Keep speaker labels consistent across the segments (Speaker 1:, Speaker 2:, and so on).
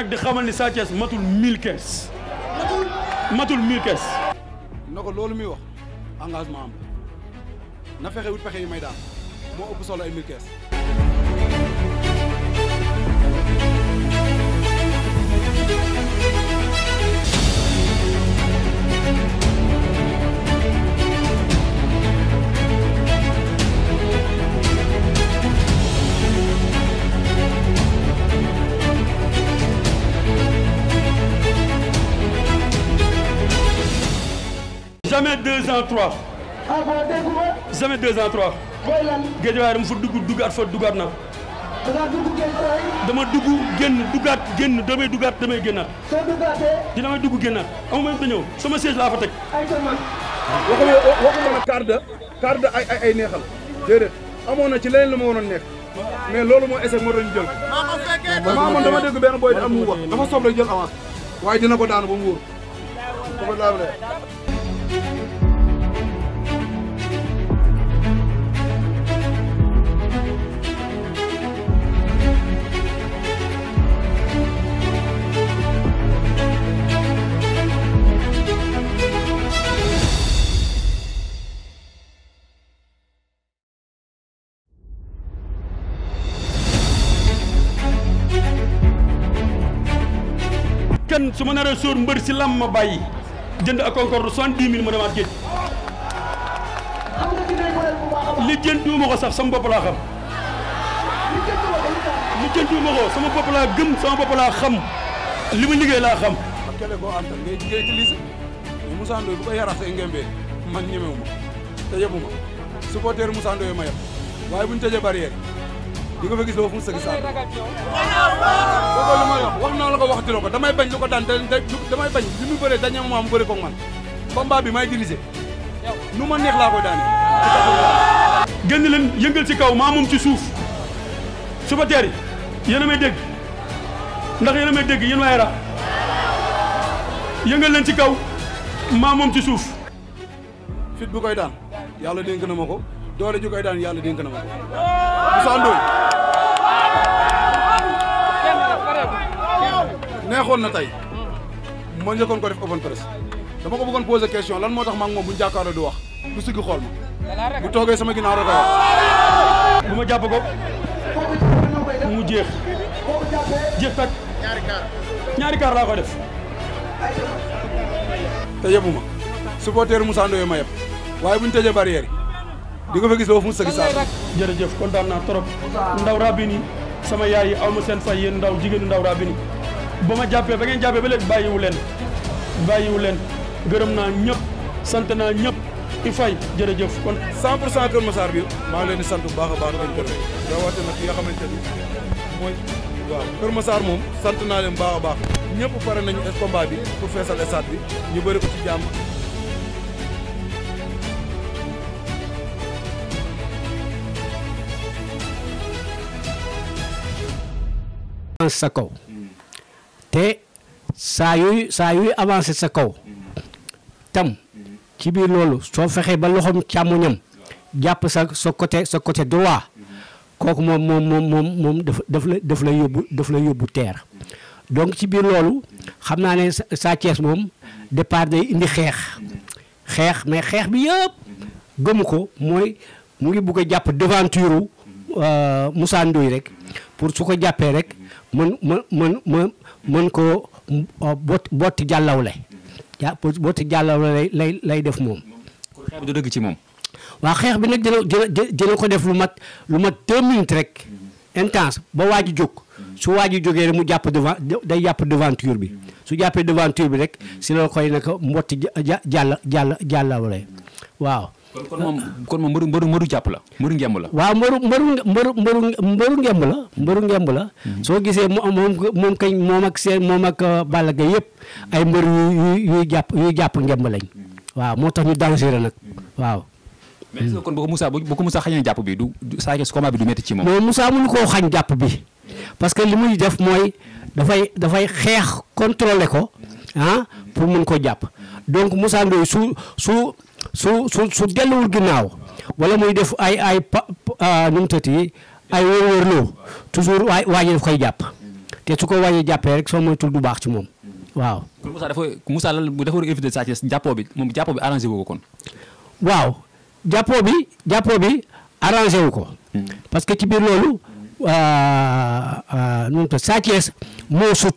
Speaker 1: nag di xamal ni Sa Thiès matul 1000 kees. matul matul 1000 kees. na ko loolu muy wax engagement am na fexe wut pexe yi may daal moo ëpp solo ay 1000 kees. jamais deux ans trois.
Speaker 2: ah bon dégg nga. jamais deux dama
Speaker 1: fa dugg duggaat fa duggaat naa.
Speaker 2: da ngaa dugg géejawaay.
Speaker 1: dama dugg génn duggaat génn damay duggaat damay génnaat. soo duggaatee. dina may dugg génnaat amu ma ñëw sama siège laa fa teg. ay tamit. waxuma waxuma la carte de ay neexal déedéet amoon na ci leneen lu ma waroon nekk. mais loolu moo échec moo doon jël.
Speaker 2: maa man dama dégg
Speaker 1: benn boy di am mu wax dafa soob rek jël avance. waaye dina ko daanu ba mu wóor. kenn su ma nar a sóor mbër si lam bàyyi jënd ak concorde soixante-dix mille mu demaat géej li jënduuma ko sax sama bopp laa xam li jënduuma ko sama bopp laa gëm sama bopp laa xam li ma liggéey laa xam ak kele koo àntal ngay ngay utilisé Moussa Ndoye bu ko yaraxtee ngembee man ñemewuma te yebuma supporter Moussa Ndoye ma yeb waaye buñ tëjee barrière di nga fa gis doo fu mu sëgg saa boobu lu may ko waxatuloo ko damay bañ lu ko daan damay bañ li mu bëree dañu mu bëri man combat bi may dirigé nu ma neex laa koy daane génn ci kaw maa moom ci suuf suba teer yi may dégg ndax yéen a may dégg yéen waa Yara ci kaw maa ci suuf fit bu koy daan yàlla dénk na ko doole ju koy daan yàlla dénk na ma Moussa Ndoye neexoon na tey ma njëkkoon ko def open press dama ko bëggoon poser question lan moo tax ma ak moom bu ñu jàkkaarloo du wax du sigg xool
Speaker 3: ma
Speaker 1: bu toogee sama ginnaaw da koy
Speaker 3: wax
Speaker 1: bu ma jàpp ko mu jeex jeex tak ñaari kaar laa ko def te yebuma supporter Moussa Ndoye ma yeb waaye bu ñu tëjee barrière di nga fa gis loo fu mu sa gisaat jërëjëf kontaan naa trop ndaw rabini sama yaay yi aw seen fay yéen ndaw jigéenu ndaw rabini ba ma jàppee ba ngeen jàppee ba léegi bàyyiwu leen bàyyiwu leen gërëm naa ñëpp sant naa ñëpp i fay jërëjëf kon 100 pour cent Kër bi maa ngi leen di sant bu baax a baax dañ kote rawatina nag ki nga xamante ni mooy waaw Kër moom sant naa leen bu baax a ñëpp pare nañu combat bi pour feesal stade bi ñu bëri ko ci jàmm
Speaker 2: avancé sa kaw te saa yuy saa avancé sa kaw tam ci biir loolu soo fexee ba loxoom càmmoñam jàpp sa sa côté sa côté droit kooku moom moom moom moom moom daf daf la daf la yóbbu daf la yóbbu terre donc ci biir loolu xam naa ne Sa moom départ day indi xeex xeex mais xeex bi yëpp gëmu ko mooy mu ngi bugg jàpp devanture euh, Moussa rek pour su ko jàppee rek mën mën mën mën mën koo uh, bot botti jàllawle ja botti jàllawle lay lay lay def moom. kon xeex bi du dëgg ci moom. waaw xeex bi nag dina dina dina ko def lu mat lu mat deux minutes rek intense ba waa ji jóg su waa ji jógee rek mu jàpp devant day jàpp devanture bi su jàppee devanture bi rek si la koy naka mbotti ja jàll jàll jàllawle waaw. kon kon moom kon mbëru mbëru mbëru jàpp la mbëru ngemb la. waaw mbëru mbëru mbëru mbëru mbëru ngemb la mbëru ngemb la. soo gisee moom moom kañ moom ak seen moom ak euh, Balla Gaye yëpp ay mbër yu yuy jàpp yuy jàpp ngemb lañ. waaw moo tax ñu dangereux nag waaw. mais ko Moussa bu ko Moussa xañee jàpp bi du saa su combat bi du métti ci moom. mais Moussa koo xañ jàpp bi parce que li muy def mooy dafay dafay xeex contrôler ko ah pour mën ko jàpp donc Moussa Ndoye su su. su su su delluwul ginnaaw wala muy def ay ay pa ah, nu mu tëti ay wërwërloo toujours waay waaji daf koy jàpp te su ko waaji jàppee rek soo moytul du baax ci moom waaw. kon Moussa dafa Moussa lan dafa war a Sa Thiès jàppoo bi moom jàppoo bi arrangé ko kon. waaw bi jàppoo bi wu ko. Hmm. parce que ci biir loolu ah, ah, nu mu Sa moo sut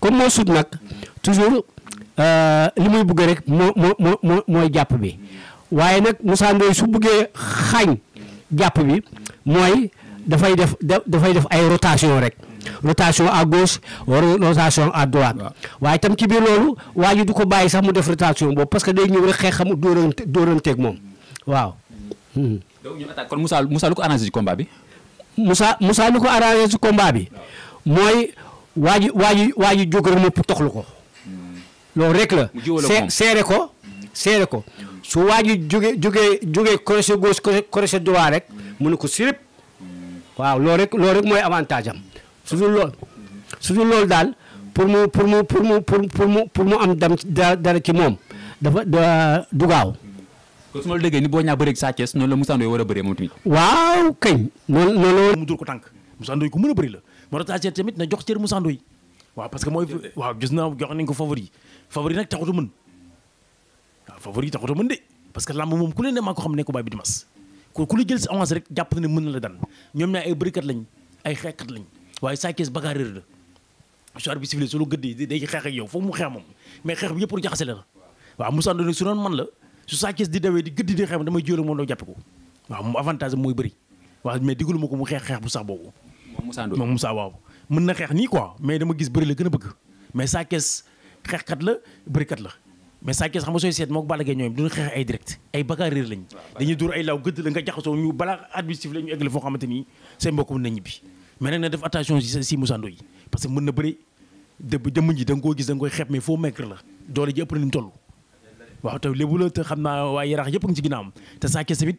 Speaker 2: comme moo sut nag toujours. Euh, li muy bëgg rek moo moo moo mooy jàpp bi waaye nag musaa Ndoye su bëggee xaañ jàpp bi mooy dafay def dafay def ay rotation rek rotation ak gauche wala rotation à droite waaye tam ci biir loolu waa du ko bàyyi sax mu def rotation boobu parce que day ñëw rek xeex xam dóorante dóoranteeg moom waaw. Hmm. donc kon Moussa Moussa lu ko arrangé ci combat bi. Moussa Moussa lu ko arrangé ci combat bi mooy waa ji waa ji waa ji jóg rek moom toxlu ko. loolu rek la seere ko seere ko su waa ji jóge jóge jóge crochet gauche crochet droit rek mu ne ko sirip waaw loolu rek loolu rek mooy avantage am su dul loolu su dul loolu daal pour mu pour mu pour mu pour mu pour mu am dam dara ci moom dafa du gaaw kon su la déggee boo ñaa bëreeg Sa Thiès noonu la Moussa Ndoye war a bëree moom tamit waaw
Speaker 3: kañ noonu noonu la mu dur ko tànk Moussa Ndoye ku mën a bëri la moo tax Sa tamit na jox cër Moussa waaw parce que mooy waaw gis naa jox nañ ko favori favori nag taxut a mën waaw favori taxut a mën de parce que làmb moom ku leen ne maa ko xam ne ko bàyyi bi dimas ko ku la jël si avance rek jàpp na ne mën na la daan ñoom ñaar ay bërikat lañ ay xeexkat lañ waaye Sa Thiès bagarreur la histoire bi civilisé solo gëddee day xeex ak yow foofu mu xeex moom mais xeex bi yëpp pour jaxase la la waaw Moussa Ndoye su doon man la su Sa Thiès di dawee di gëddi di xeex damay jël moom doo jàppe ko waaw mu avantage bëri waaw mais digalu ko mu xeex bu sax boobu moom Moussa waaw mën na xeex nii quoi mais dama gis bëri la gën a bëgg mais Sa Thiès xeexkat la bërikat la mais Sa Thiès xam nga sooy seet moo ko Balla Gaye ñoom duñu xeex ay direct ay bagarreur lañ dañuy dóor ay laaw gëdd la nga jaxasoo ñu bala administratif la egg la foo xamante nii seen mbokk mën na ñibbi mais nag na def attention si Moussa Ndoye parce que mën na bëri dëbb jëmm ji da koo gis da nga koy xeeb mais foo maigre la doole ji ëpp na ni mu waaw te lébu la te xam naa waaye yëpp ngi ci ginnaawam Sa Thiès tamit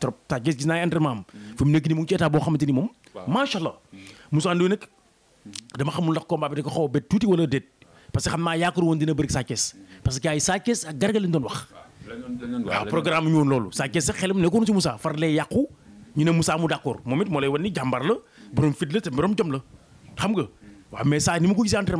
Speaker 3: trop ta gis gis naa entraînement am fi mu nekk nii mu ngi boo xamante moom macha allah mm-hmm. Moussa Ndoye dama xamul ndax combat bi da ko xaw a tuuti wala déet parce que xam naa yaakaar woon dina bëri Sa mm-hmm. parce que ay Sa Thiès ak Garga lañ doon wax waaw programme ñu woon loolu Sa Thiès sax xelam nekkoon ci Moussa far lay yàqu ñu ne musaa mu d'accord moom it moo lay wan ni jàmbaar la borom fit la te borom jom la xam nga mm-hmm. waaw mais saa ni ma ko gisee